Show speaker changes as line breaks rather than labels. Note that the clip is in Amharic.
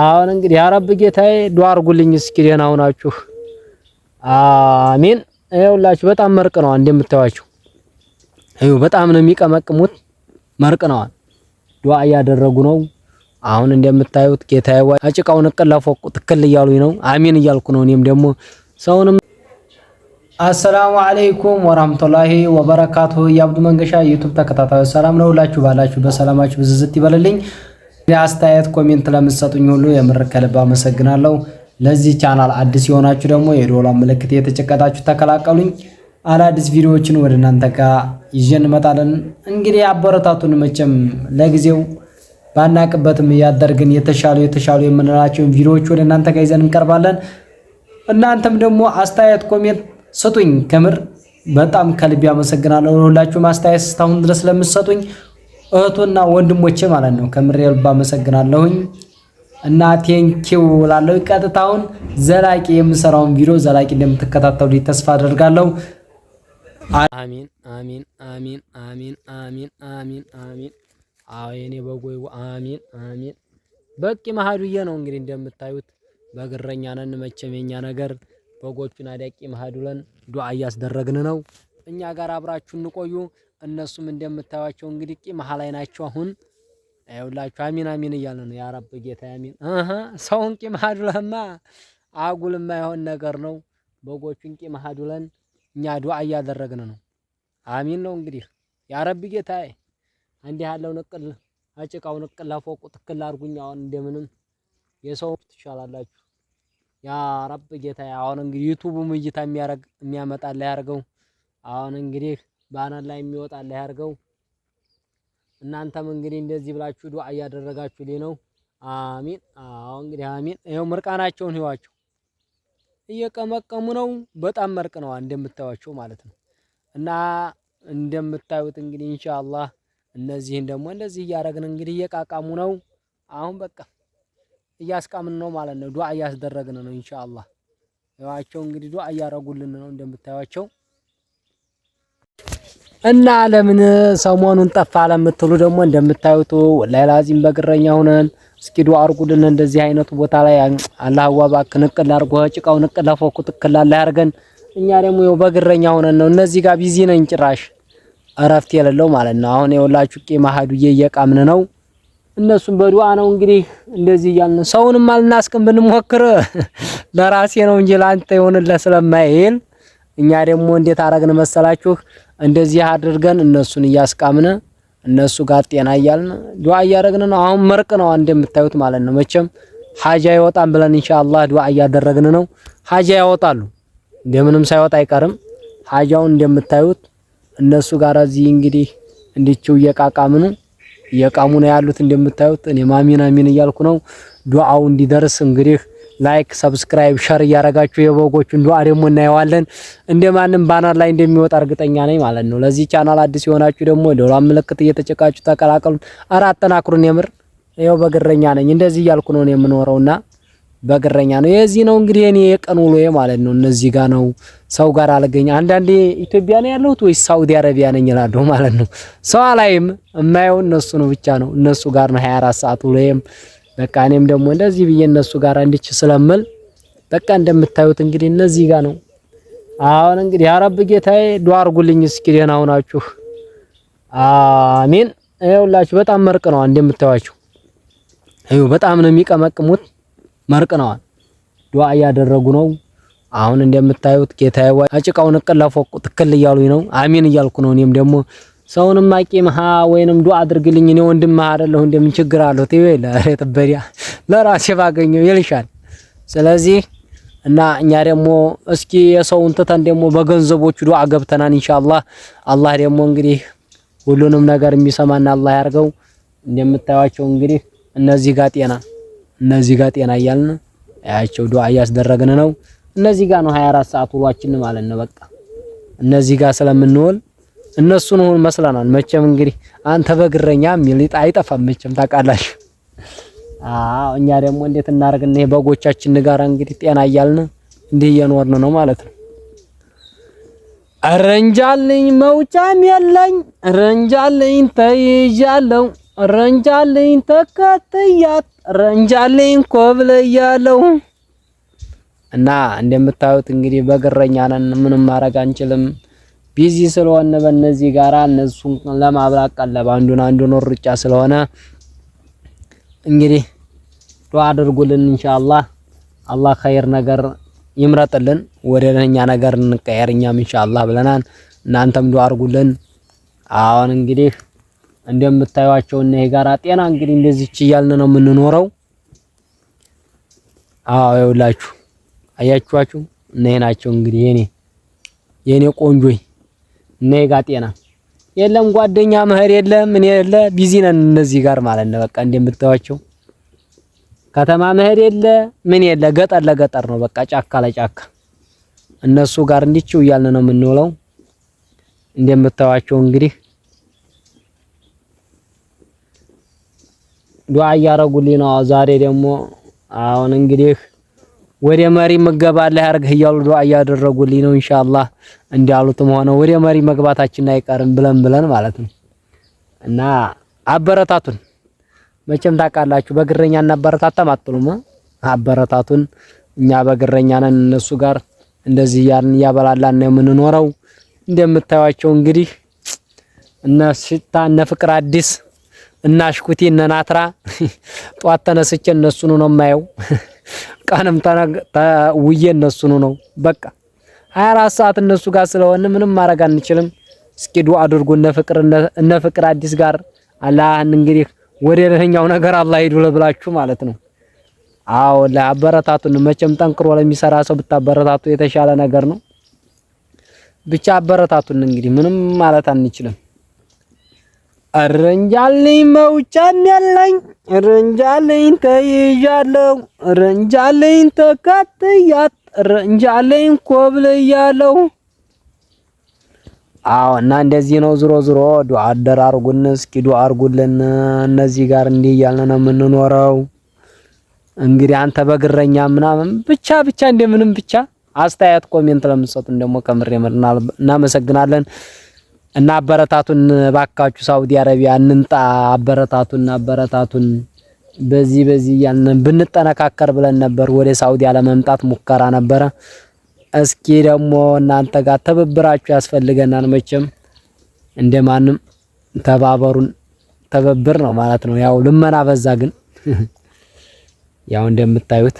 አሁን እንግዲህ ያረብ ጌታዬ ዱአ አርጉልኝ እስኪ ደህና ሆናችሁ አሜን። ይኸውላችሁ በጣም መርቅ ነዋ እንደምታዩዋቸው፣ ይኸው በጣም ነው የሚቀመቅሙት። መርቅ ነዋ ዱአ እያደረጉ ነው። አሁን እንደምታዩት ጌታዬ ዋ አጭቃውን እቅል ትክል እያሉኝ ነው። አሜን እያልኩ ነው እኔም ደግሞ ሰውንም አሰላሙ አለይኩም ወራህመቱላሂ ወበረካቱ የአብዱ መንገሻ ዩቲዩብ ተከታታዮች ሰላም ነው ሁላችሁ ባላችሁ በሰላማችሁ ብዝዝት ይበልልኝ። አስተያየት፣ ኮሜንት ለምትሰጡኝ ሁሉ የምር ከልብ አመሰግናለሁ። ለዚህ ቻናል አዲስ የሆናችሁ ደግሞ የዶላር ምልክት የተጨቀጣችሁ ተቀላቀሉኝ። አዳዲስ ቪዲዮዎችን ወደ እናንተ ጋር ይዤ እንመጣለን። እንግዲህ አበረታቱን። መቼም ለጊዜው ባናቅበትም እያደርግን የተሻሉ የተሻሉ የምንላቸውን ቪዲዮዎች ወደ እናንተ ጋር ይዘን እንቀርባለን። እናንተም ደግሞ አስተያየት ኮሜንት ስጡኝ። ከምር በጣም ከልቤ አመሰግናለሁ። ሁላችሁም አስተያየት እስካሁን ድረስ ለምትሰጡኝ እህቶና ወንድሞቼ ማለት ነው ከምሬ ልብ አመሰግናለሁኝ እና ቴንኪው ላለው ቀጥታውን ዘላቂ የምሰራውን ቪዲዮ ዘላቂ እንደምትከታተሉ ተስፋ አደርጋለሁ። አሚን አሚን አሚን አሚን አሚን አሚን አሚን አየኔ በጎይ አሚን አሚን በቂ መሀዱዬ ነው እንግዲህ እንደምታዩት በግረኛ ነን። መቼም የኛ ነገር በጎቹን አዳቂ መሀዱለን ዱዓ እያስደረግን ነው። እኛ ጋር አብራችሁ እንቆዩ። እነሱም እንደምታዩቸው እንግዲህ ቂ መሀል ላይ ናቸው። አሁን ይኸውላችሁ አሚን አሚን እያለ ነው የአረብ ጌታ አሚን። አሃ ሰውን ቂ ማዱለህማ አጉል የማይሆን ነገር ነው። በጎቹን ቂ ማዱለን እኛ ዱአ እያደረግን ነው። አሚን ነው እንግዲህ የአረብ ጌታ እንዲህ ያለው ንቅል አጭቃው ንቅል ለፎቁ ትክል አድርጉኝ። አሁን እንደምንም የሰው ትሻላላችሁ። ያ ረብ ጌታ አሁን እንግዲህ ዩቲዩብም እይታ የሚያመጣ ላይ ያርገው። አሁን እንግዲህ ባናን ላይ የሚወጣ ላይ እናንተም እንግዲህ እንደዚህ ብላችሁ ዱዓ ሊ ነው። አሚን። አዎ እንግዲህ አሚን። ይኸው ምርቃናቸውን ይዋቸው እየቀመቀሙ ነው። በጣም መርቅ ነው እንደምታዩቸው ማለት ነው። እና እንደምታዩት እንግዲህ ኢንሻአላህ እነዚህን ደግሞ እንደዚህ እያደረግን እንግዲህ እየቃቃሙ ነው። አሁን በቃ እያስቃምን ነው ማለት ነው። ዱአ እያስደረግን ነው ኢንሻአላህ። ይዋቸው እንግዲህ ዱአ እያረጉልን ነው እንደምታዩቸው። እና ለምን ሰሞኑን ጠፋ ለምትሉ ደግሞ እንደምታዩት ወላሂ ላዚም በግረኛ ሆነን እስኪ አርጉልን። እንደዚህ አይነቱ ቦታ ላይ አላህ ወባክ ንቅል አርጎ ጭቃው ንቅል ለፎኩ ትክል ላይ አርገን እኛ ደግሞ ይኸው በግረኛ ሆነን ነው እነዚህ ጋር ቢዚ ነን ጭራሽ እረፍት የሌለው ማለት ነው። አሁን የወላችሁ ቄ ማህዱዬ እየቃምን ነው። እነሱም በዱዓ ነው እንግዲህ እንደዚህ እያልን ሰውንም አልናስቅም ብንሞክር ለራሴ ነው እንጂ ለአንተ ይሆንልህ ስለማይል እኛ ደግሞ እንዴት አረግን መሰላችሁ እንደዚህ አድርገን እነሱን እያስቃምነ እነሱ ጋር ጤና እያልን ዱዓ እያደረግን ነው። አሁን መርቅ ነው እንደምታዩት ማለት ነው። መቼም ሀጅ ይወጣን ብለን ኢንሻአላህ ዱዓ እያደረግን ነው። ሀጃ ያወጣሉ እንደምንም ሳይወጣ አይቀርም። ሀጃውን እንደምታዩት እነሱ ጋር እዚህ እንግዲህ እንዲችው እየቃቃምኑ እየቃሙ ነው ያሉት እንደምታዩት። እኔ ማሚን አሚን እያልኩ ነው ዱዓው እንዲደርስ እንግዲህ ላይክ፣ ሰብስክራይብ፣ ሸር እያደረጋችሁ የበጎቹን ዱዓ ደግሞ እናየዋለን። እንደማንም ባናር ላይ እንደሚወጣ እርግጠኛ ነኝ ማለት ነው። ለዚህ ቻናል አዲስ የሆናችሁ ደግሞ ዶላ ምልክት እየተጨቃችሁ ተቀላቀሉ። ኧረ አጠናክሩን። የምር ይኸው በግረኛ ነኝ እንደዚህ እያልኩ ነው የምኖረውና በግረኛ ነው። የዚህ ነው እንግዲህ እኔ የቀን ውሎዬ ማለት ነው። እነዚህ ጋር ነው ሰው ጋር አልገኝ። አንዳንዴ ኢትዮጵያ ነው ያለሁት ወይስ ሳውዲ አረቢያ ነኝ እላለሁ ማለት ነው። ሰው አላይም፣ የማየው እነሱ ነው ብቻ ነው። እነሱ ጋር ነው 24 ሰዓት ውሎዬም በቃ እኔም ደግሞ እንደዚህ ብዬ እነሱ ጋር እንድች ስለምል በቃ እንደምታዩት እንግዲህ እነዚህ ጋር ነው። አሁን እንግዲህ ያ ረብ ጌታዬ ዱአ አድርጉልኝ እስኪ ደህና ሆናችሁ አሜን። ይኸውላችሁ በጣም መርቅ ነዋ እንደምታዩዋቸው፣ ይኸው በጣም ነው የሚቀመቅሙት። መርቅ ነዋል ዱአ እያደረጉ ነው። አሁን እንደምታዩት ጌታዬ አጭቃውን እቅል ትክል እያሉኝ ነው። አሜን እያልኩ ነው እኔም ደግሞ ሰውንም አቂምሃ ወይንም ዱአ አድርግልኝ እኔ ወንድምህ አይደለሁ እንደምን ችግር አለው ተይው ለሬጥበዲያ ለራሴ ባገኘው ይልሻል። ስለዚህ እና እኛ ደግሞ እስኪ የሰውን ትተን ደግሞ በገንዘቦቹ ዱአ ገብተናን ኢንሻአላህ አላህ ደግሞ እንግዲህ ሁሉንም ነገር የሚሰማና አላህ ያርገው። እንደምታዩቸው እንግዲህ እነዚህ ጋር ጤና እነዚህ ጋር ጤና እያልን ያቸው ዱአ እያስደረግን ነው። እነዚህ ጋር ነው 24 ሰዓት ውሏችን ማለት ነው። በቃ እነዚህ ጋር ስለምንውል እነሱን ሁን መስላናል። መቼም እንግዲህ አንተ በግረኛ የሚል አይጠፋም መቼም ታውቃላችሁ። አዎ እኛ ደግሞ እንዴት እናደርግና በጎቻችን ጋር እንግዲህ ጤና እያልን እንዲህ እየኖርን ነው ማለት ነው። ረንጃልኝ መውጫም የለኝ ረንጃልኝ ተይዣለሁ ረንጃልኝ ተከትያት ረንጃልኝ ኮብለያለሁ። እና እንደምታዩት እንግዲህ በግረኛ ነን፣ ምንም ማድረግ አንችልም። ቢዚ ስለሆነ በእነዚህ ጋራ እነሱን ለማብራቅ ቀለብ አንዱን አንዱን ሩጫ ስለሆነ እንግዲህ ዱአ አድርጉልን። ኢንሻአላህ አላህ ኸይር ነገር ይምረጥልን፣ ወደ ለኛ ነገር እንቀየር እኛም ኢንሻአላህ ብለናን፣ እናንተም ዱአ አድርጉልን። አሁን እንግዲህ እንደምታዩቸው እና ጋራ ጤና እንግዲህ እንደዚህች እያልን ነው የምንኖረው። አዎ ይውላችሁ አያችኋችሁ፣ እነዚህ ናቸው እንግዲህ የኔ የኔ ቆንጆይ ነጋ ጤና የለም ጓደኛ መህር የለም ምን የለ ቢዚ ነን እነዚህ ጋር ማለት ነው። በቃ እንደምታዩቸው ከተማ መህር የለ ምን የለ ገጠር ለገጠር ነው በቃ ጫካ ለጫካ እነሱ ጋር እንዲችው እያልን ነው የምንውለው። እንደምታዩቸው እንግዲህ ዱአ እያረጉልኝ ነው። ዛሬ ደግሞ አሁን እንግዲህ ወደ መሪ ምገባለህ ያርግህ እያሉ ዱአ እያደረጉልኝ ነው። ኢንሻአላህ እንዳሉትም ሆነ ወደ መሪ መግባታችን አይቀርም ብለን ብለን ማለት ነው። እና አበረታቱን መቼም ታውቃላችሁ፣ በግረኛ እናበረታታም አትሉም። አበረታቱን እኛ በግረኛ ነን፣ እነሱ ጋር እንደዚህ እያልን እያበላላን ነው የምንኖረው። እንደምታዩቸው እንግዲህ እነ ሽታ እነ ፍቅር አዲስ እና ሽኩቲ እነ ናትራ ጧት ተነስቼ እነሱን ነው የማየው። ቀንም ውዬ እነሱኑ ነው በቃ 24 ሰዓት እነሱ ጋር ስለሆነ ምንም ማድረግ አንችልም። እስኪ ዱአ አድርጉ እነ ፍቅር እነ ፍቅር አዲስ ጋር አላህን እንግዲህ ወደ ለኛው ነገር አላህ ይዱለ ለብላችሁ ማለት ነው። አዎ ለአበረታቱን። መቼም ጠንክሮ ለሚሰራ ሰው ብታበረታቱ የተሻለ ነገር ነው። ብቻ አበረታቱን። እንግዲህ ምንም ማለት አንችልም። እረንጃልኝ መውጫም የለኝ እረንጃልኝ ተይዣለሁ እረንጃልኝ ተካትያት እረንጃልኝ ኮብልያለሁ። አዎ እና እንደዚህ ነው። ዝሮ ዝሮ ዱአ አደራርጉን፣ እስኪ ዱዓ አርጉልን። እነዚህ ጋር እንዲህ እያልን ነው የምንኖረው። እንግዲህ አንተ በግረኛ ምናምን ብቻ ብቻ እንደምንም ብቻ አስተያየት ኮሜንት ለምትሰጡን ደግሞ ከምሬ እናመሰግናለን። እና አበረታቱን ባካችሁ፣ ሳውዲ አረቢያ እንንጣ፣ አበረታቱን፣ አበረታቱን በዚህ በዚህ እያልን ብንጠነካከር ብለን ነበር። ወደ ሳውዲ አለመምጣት ሙከራ ነበረ። እስኪ ደግሞ እናንተ ጋር ትብብራችሁ ያስፈልገናል። መቼም እንደማንም ተባበሩን። ትብብር ነው ማለት ነው። ያው ልመና በዛ፣ ግን ያው እንደምታዩት